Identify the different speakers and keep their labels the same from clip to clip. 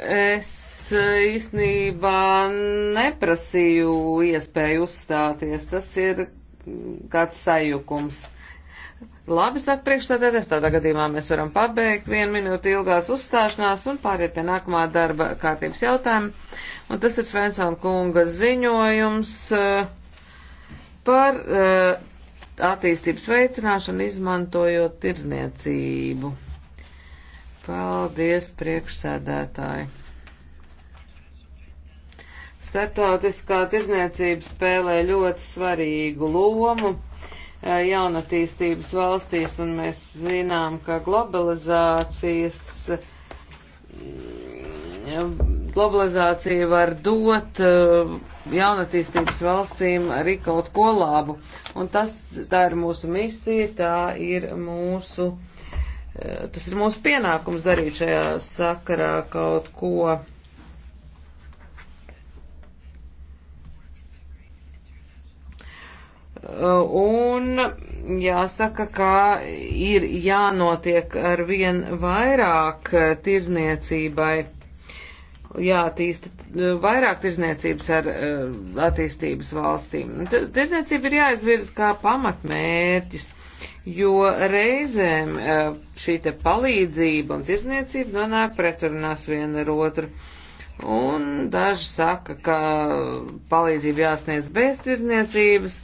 Speaker 1: Es eh, īstenībā neprasīju iespēju uzstāties. Tas ir kāds sajukums. Labi, saka priekšstādētājs, tādā gadījumā mēs varam pabeigt vienu minūti ilgās uzstāšanās un pāriet pie nākamā darba kārtības jautājuma. Un tas ir Svensona kunga ziņojums eh, par eh, attīstības veicināšanu izmantojot tirzniecību. Paldies, priekšsēdētāji. Startautiskā tirzniecība spēlē ļoti svarīgu lomu eh, jaunatīstības valstīs, un mēs zinām, ka globalizācijas mm, globalizācija var dot eh, jaunatīstības valstīm arī kaut ko labu. Un tas, tā ir mūsu misija, tā ir mūsu uh, tas ir mūsu pienākums darīt šajā sakarā kaut ko. Un jāsaka, ka ir jānotiek ar vien vairāk tirzniecībai, jātīsta vairāk tirzniecības ar eh, attīstības valstīm. Tirzniecība ir jāizvirz kā pamatmērķis jo reizēm e, šī te palīdzība un tirzniecība nonāk pretrunās viena ar otru. Un daži saka, ka palīdzība jāsniedz bez tirzniecības,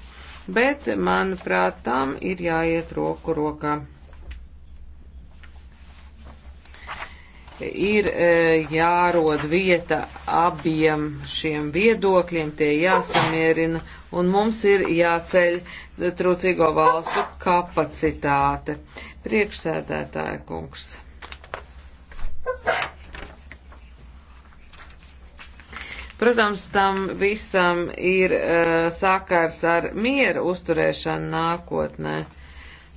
Speaker 1: bet, manuprāt, tam ir jāiet roku rokā. ir e, jārod vieta abiem šiem viedokļiem, tie jāsamierina, un mums ir jāceļ trūcīgo valstu kapacitāte. Priekšsēdētāja kungs. Protams, tam visam ir uh, sakars ar miera uzturēšanu nākotnē,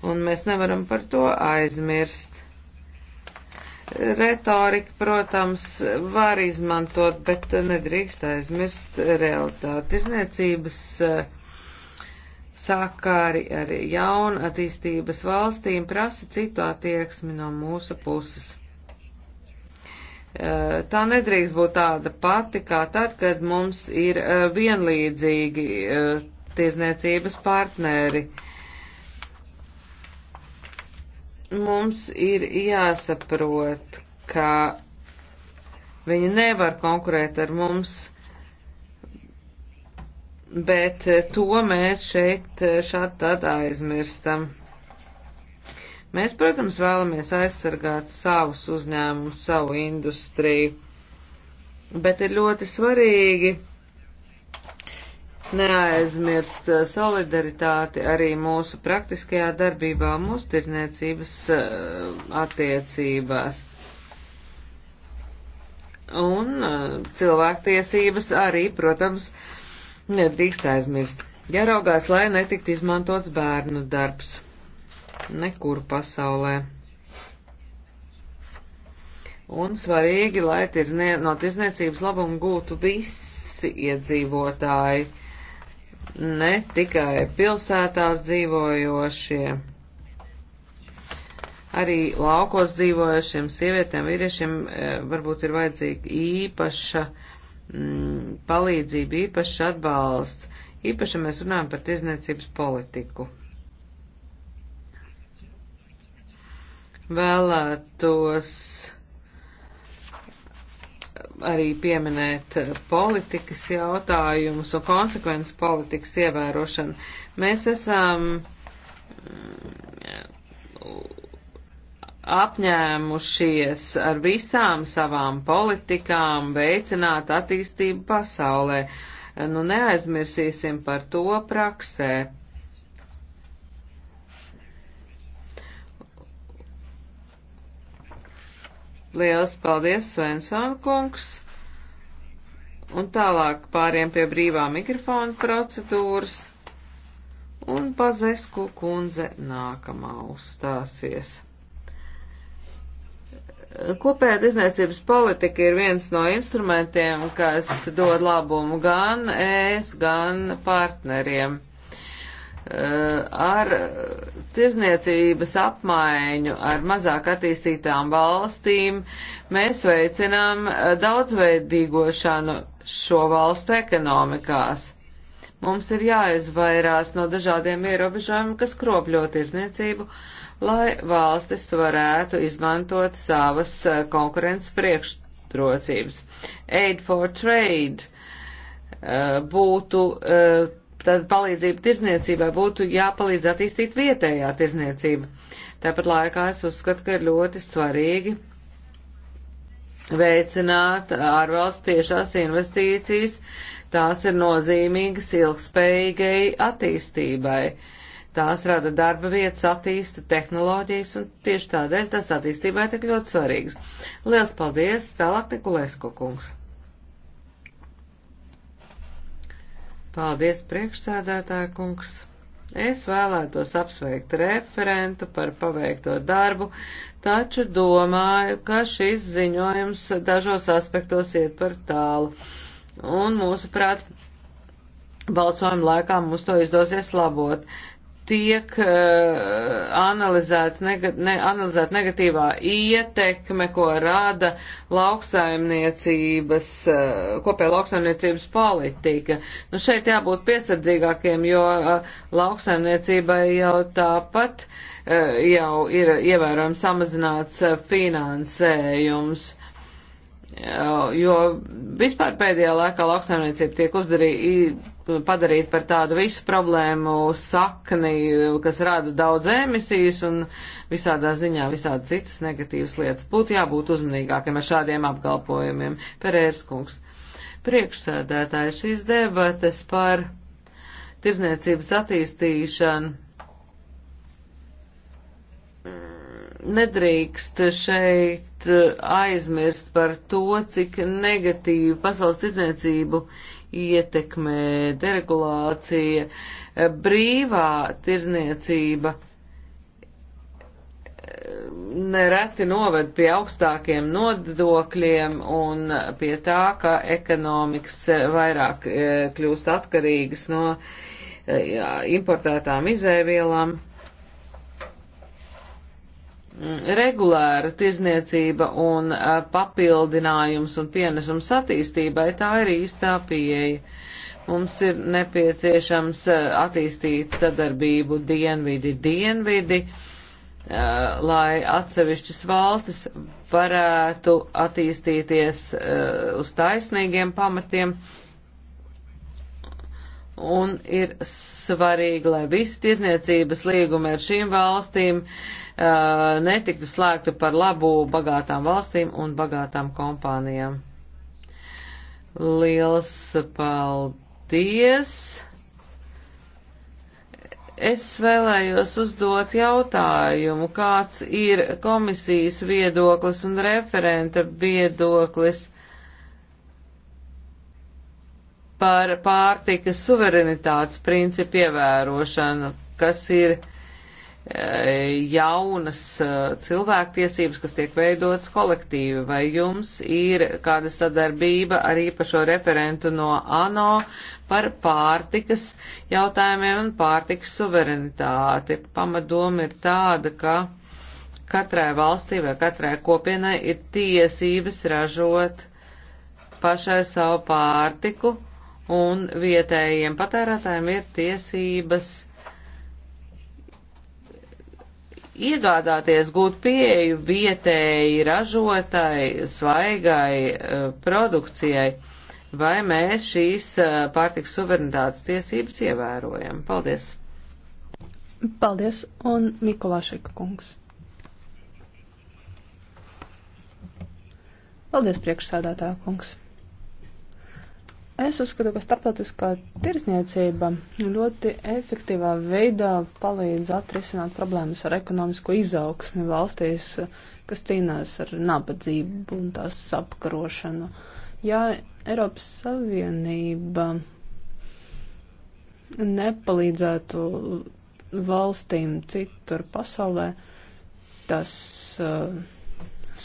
Speaker 1: un mēs nevaram par to aizmirst Retorika, protams, var izmantot, bet nedrīkst aizmirst realitāti. Tirzniecības eh, sākāri ar jaunu attīstības valstīm prasa citu attieksmi no mūsu puses. Eh, tā nedrīkst būt tāda pati, kā tad, kad mums ir eh, vienlīdzīgi tirzniecības partneri. Uh, mums ir jāsaprot, ka viņi nevar konkurēt ar mums, bet to mēs šeit šādi tad aizmirstam. Mēs, protams, vēlamies aizsargāt savus uzņēmumus, savu industriju, bet ir ļoti svarīgi neaizmirst eh, solidaritāti arī mūsu praktiskajā darbībā, mūsu tirniecības eh, attiecībās. Un eh, cilvēktiesības arī, protams, nedrīkst aizmirst. Jāraugās, lai netiktu izmantots bērnu darbs. Nekur pasaulē. Un svarīgi, lai tirznie, no tirzniecības labumu gūtu visi iedzīvotāji ne tikai pilsētās dzīvojošie, arī laukos dzīvojošiem sievietēm, vīriešiem eh, varbūt ir vajadzīga īpaša mm, palīdzība, īpašs atbalsts. Īpaši mēs runājam par tirzniecības politiku. Vēlētos. Uh, arī pieminēt eh, politikas jautājumus un konsekvences politikas ievērošanu. Mēs esam mm, apņēmušies ar visām savām politikām veicināt attīstību pasaulē. Nu, neaizmirsīsim par to praksē. Lielas paldies, Svensson kungs! Un tālāk pāriem pie brīvā mikrofona procedūras. Un Pazesku kundze nākamā uzstāsies. Kopējā tirdzniecības politika ir viens no instrumentiem, kas dod labumu gan es, gan partneriem. Eh, ar tirzniecības apmaiņu ar mazāk attīstītām valstīm mēs veicinām eh, daudzveidīgošanu šo valstu ekonomikās. Mums ir jāizvairās no dažādiem ierobežojumiem, kas kropļo tirzniecību, lai valstis varētu izmantot savas eh, konkurences priekšrocības. Aid for Trade būtu tad palīdzība tirzniecībai būtu jāpalīdz attīstīt vietējā tirzniecība. Tāpat laikā es uzskatu, ka ir ļoti svarīgi veicināt ārvalstu tiešās investīcijas, tās ir nozīmīgas ilgspējīgai attīstībai. Tās rada darba vietas, attīsta tehnoloģijas, un tieši tādēļ tas attīstībai tik ļoti svarīgs. Lielas paldies! Tālāk Nikolēsko kungs! Paldies, priekšsēdētāja kungs! Es vēlētos apsveikt referentu par paveikto darbu, taču domāju, ka šis ziņojums dažos aspektos iet par tālu. Un mūsuprāt, balsojuma laikā mums to izdosies labot tiek uh, analizēts nega, ne, analizēt negatīvā ietekme, ko rada lauksaimniecības, uh, eh, kopēja lauksaimniecības politika. Nu, šeit jābūt piesardzīgākiem, jo uh, lauksaimniecībai jau tāpat uh, jau ir ievērojami samazināts uh, finansējums. Uh, jo vispār pēdējā laikā lauksaimniecība tiek uzdarīta, padarīta par tādu visu problēmu sakni, kas rada daudz emisijas un visādā ziņā visādi citas negatīvas lietas. Būtu jābūt uzmanīgākiem ar šādiem apgalpojumiem. Perērs kungs. Priekšsēdētāji šīs debates par tirzniecības attīstīšanu. Mm, nedrīkst šeit Eh, aizmirst par to, cik negatīvi pasaules tirdzniecību ietekmē deregulācija, eh, brīvā tirdzniecība eh, nereti noved pie augstākiem nodokļiem un pie tā, ka ekonomikas vairāk kļūst atkarīgas no importētām izēvielām. Mm, regulēra tirzniecība un papildinājums un pienesums attīstībai, tā ir īstā pieeja. Mums ir nepieciešams attīstīt sadarbību dienvidi dienvidi, lai atsevišķas valstis varētu attīstīties uz taisnīgiem pamatiem un ir svarīgi, lai visi tirniecības līgumi ar šīm valstīm uh, netiktu slēgti par labu bagātām valstīm un bagātām kompānijām. Liels paldies! Es vēlējos uzdot jautājumu, kāds ir komisijas viedoklis un referenta viedoklis par pārtikas suverenitātes principu ievērošanu, kas ir e, jaunas e, cilvēktiesības, kas tiek veidotas kolektīvi, vai jums ir kāda sadarbība ar īpašo referentu no ANO par pārtikas jautājumiem un pārtikas suverenitāti. Pamatdoma ir tāda, ka katrai valstī vai katrai kopienai ir tiesības ražot pašai savu pārtiku un vietējiem patērētājiem ir tiesības iegādāties, gūt pieeju vietēji ražotai, svaigai eh, produkcijai, vai mēs šīs eh, pārtiks suverenitātes tiesības ievērojam. Paldies!
Speaker 2: Paldies, un Mikulāšika kungs. Paldies, priekšsādātā kungs. Es uzskatu, ka starptautiskā tirsniecība ļoti efektīvā veidā palīdz atrisināt problēmas ar ekonomisko izaugsmi valstīs, kas cīnās ar nabadzību un tās apkarošanu. Ja Eiropas Savienība nepalīdzētu valstīm citur pasaulē, tas uh,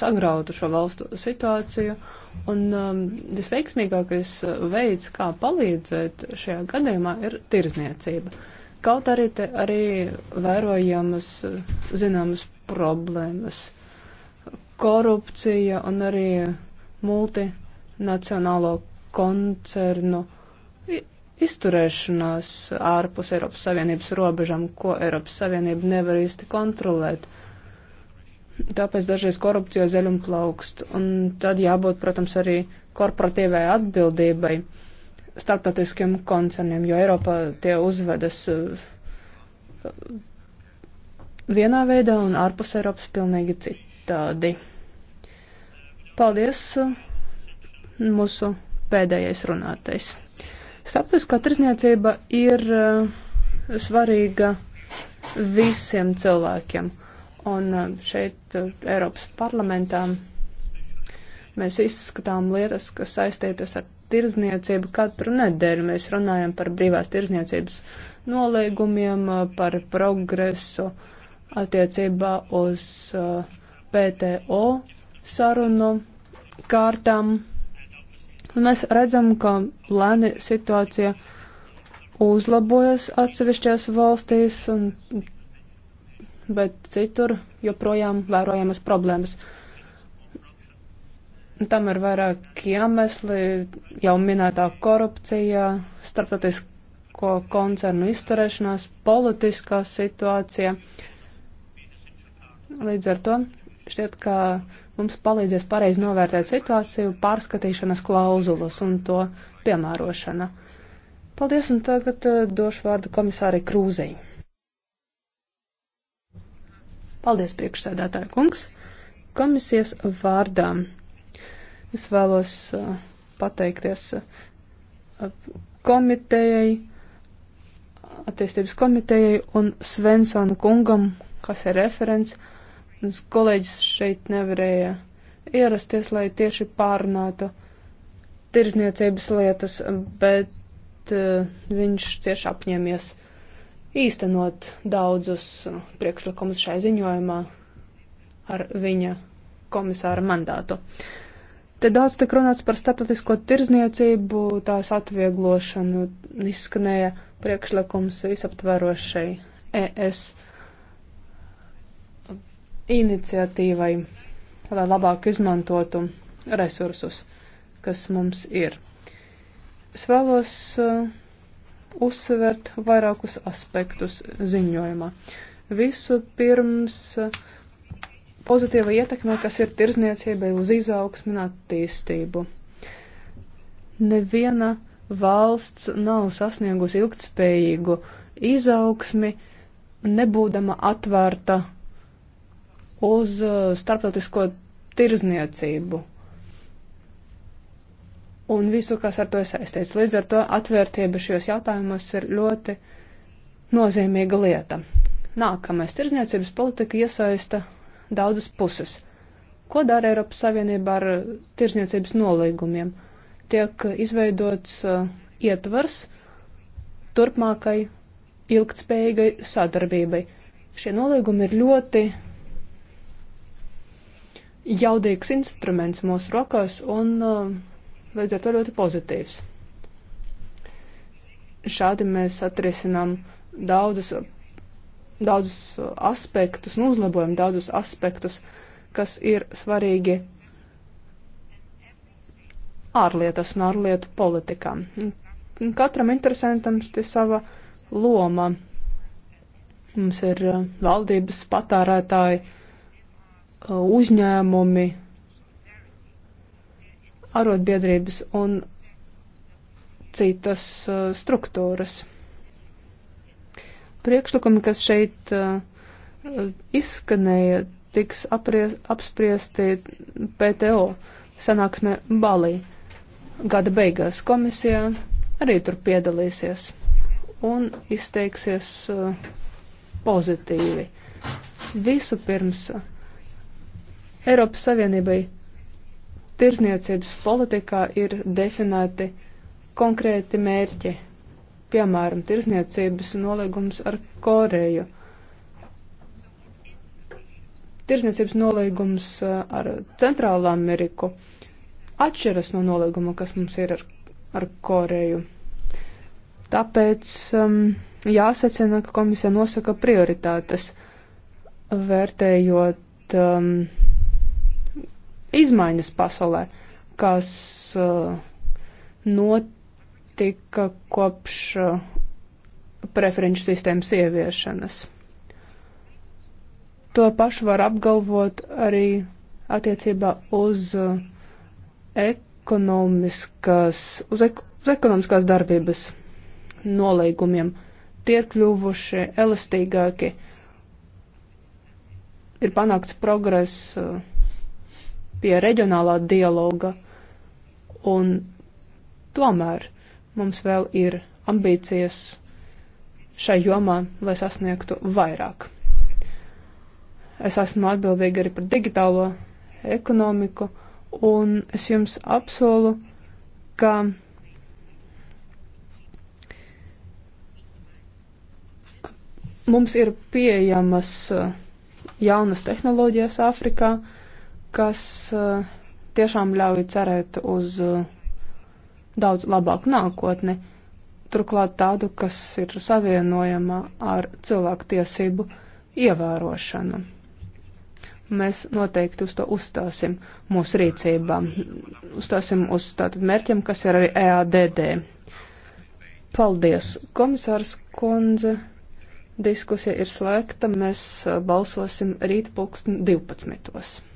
Speaker 2: sagrautu šo valstu situāciju. Uh, Un um, visveiksmīgākais uh, veids, kā palīdzēt šajā gadījumā, ir tirzniecība. Kaut arī te arī vērojamas uh, zināmas problēmas - korupcija un arī multinacionālo koncernu izturēšanās ārpus Eiropas Savienības robežām, ko Eiropas Savienība nevar īsti kontrolēt. Tāpēc dažreiz korupcija zaļum plaukst. Un tad jābūt, protams, arī korporatīvai atbildībai starptautiskiem koncerniem, jo Eiropā tie uzvedas uh, vienā veidā un ārpus Eiropas pilnīgi citādi. Paldies uh, mūsu pēdējais runātais. Starptautiskā tirzniecība ir uh, svarīga visiem cilvēkiem. Un um, šeit uh, Eiropas parlamentā mēs izskatām lietas, kas saistītas ar tirzniecību. Katru nedēļu mēs runājam par brīvās tirzniecības nolīgumiem, uh, par progresu attiecībā uz uh, PTO sarunu kārtām. Un mēs redzam, ka lēni situācija uzlabojas atsevišķās valstīs, un bet citur joprojām vērojamas problēmas. Tam ir vairāk iemesli, jau minētā korupcija, starptautisko koncernu izturēšanās, politiskā situācija. Līdz ar to šķiet, ka mums palīdzēs pareizi novērtēt situāciju pārskatīšanas klauzulas un to piemērošana. Paldies, un tagad eh, došu vārdu komisārai Krūzei. Paldies, priekšsēdētāja kungs, komisijas vārdām. Es vēlos uh, pateikties uh, komitejai, attīstības komitejai un Svensona kungam, kas ir referents. Mans kolēģis šeit nevarēja ierasties, lai tieši pārunātu tirzniecības lietas, bet uh, viņš cieši apņēmies īstenot daudzus priekšlikumus šai ziņojumā ar viņa komisāra mandātu. Te daudz tik runāts par statistisko tirzniecību, tās atvieglošanu, izskanēja priekšlikums visaptverošai ES iniciatīvai, lai labāk izmantotu resursus, kas mums ir. Es vēlos uh, uzsvert vairākus aspektus ziņojumā. Visu pirms eh, pozitīva ietekme, kas ir tirzniecībai uz izaugsmu un attīstību. Neviena valsts nav sasniegusi ilgtspējīgu izaugsmi, nebūdama atvērta uz eh, starptautisko tirzniecību un visu, kas ar to saistīts. Līdz ar to atvērtība šajos jautājumos ir ļoti nozīmīga lieta. Nākamais tirzniecības politika iesaista daudzas puses. Ko dara Eiropas Savienība ar tirzniecības nolīgumiem? Tiek izveidots uh, ietvars turpmākai ilgtspējīgai sadarbībai. Šie nolīgumi ir ļoti jaudīgs instruments mūsu rokās un uh, līdz ar to ļoti pozitīvs. Šādi mēs atrisinām daudzas, daudzus aspektus un uzlabojam daudzus aspektus, kas ir svarīgi ārlietas un ārlietu politikā. Katram interesantam ir sava loma. Mums ir eh, valdības patērētāji, eh, uzņēmumi, arotbiedrības un citas uh, struktūras. Priekšlikumi, kas šeit uh, izskanēja, tiks apries, apspriesti PTO sanāksmē Balī gada beigās komisijā arī tur piedalīsies un izteiksies uh, pozitīvi. Visu pirms Eiropas Savienībai tirzniecības politikā ir definēti konkrēti mērķi, piemēram, tirzniecības nolīgums ar Koreju. Tirzniecības nolīgums uh, ar Centrālā Ameriku atšķiras no nolīguma, kas mums ir ar, ar Koreju. Tāpēc um, jāsacena, ka komisija nosaka prioritātes, vērtējot um, izmaiņas pasaulē, kas uh, notika kopš uh, preferenču sistēmas ieviešanas. To pašu var apgalvot arī attiecībā uz uh, ekonomiskās, uz, ek, uz ekonomiskās darbības nolīgumiem. Tie ir kļuvuši elastīgāki, ir panākts progress. Uh, pie reģionālā dialoga. Un tomēr mums vēl ir ambīcijas šai jomā, lai sasniegtu vairāk. Es esmu atbildīga arī par digitālo ekonomiku, un es jums apsolu, ka mums ir pieejamas uh, jaunas tehnoloģijas Āfrikā, uh, kas eh, tiešām ļauj cerēt uz eh, daudz labāku nākotni, turklāt tādu, kas ir savienojama ar cilvēku tiesību ievērošanu. Mēs noteikti uz to uzstāsim mūsu rīcībā, uzstāsim uz tātad mērķiem, kas ir arī EADD. Paldies, komisārs Konze. Diskusija ir slēgta, mēs eh,
Speaker 1: balsosim rīt pulksten 12.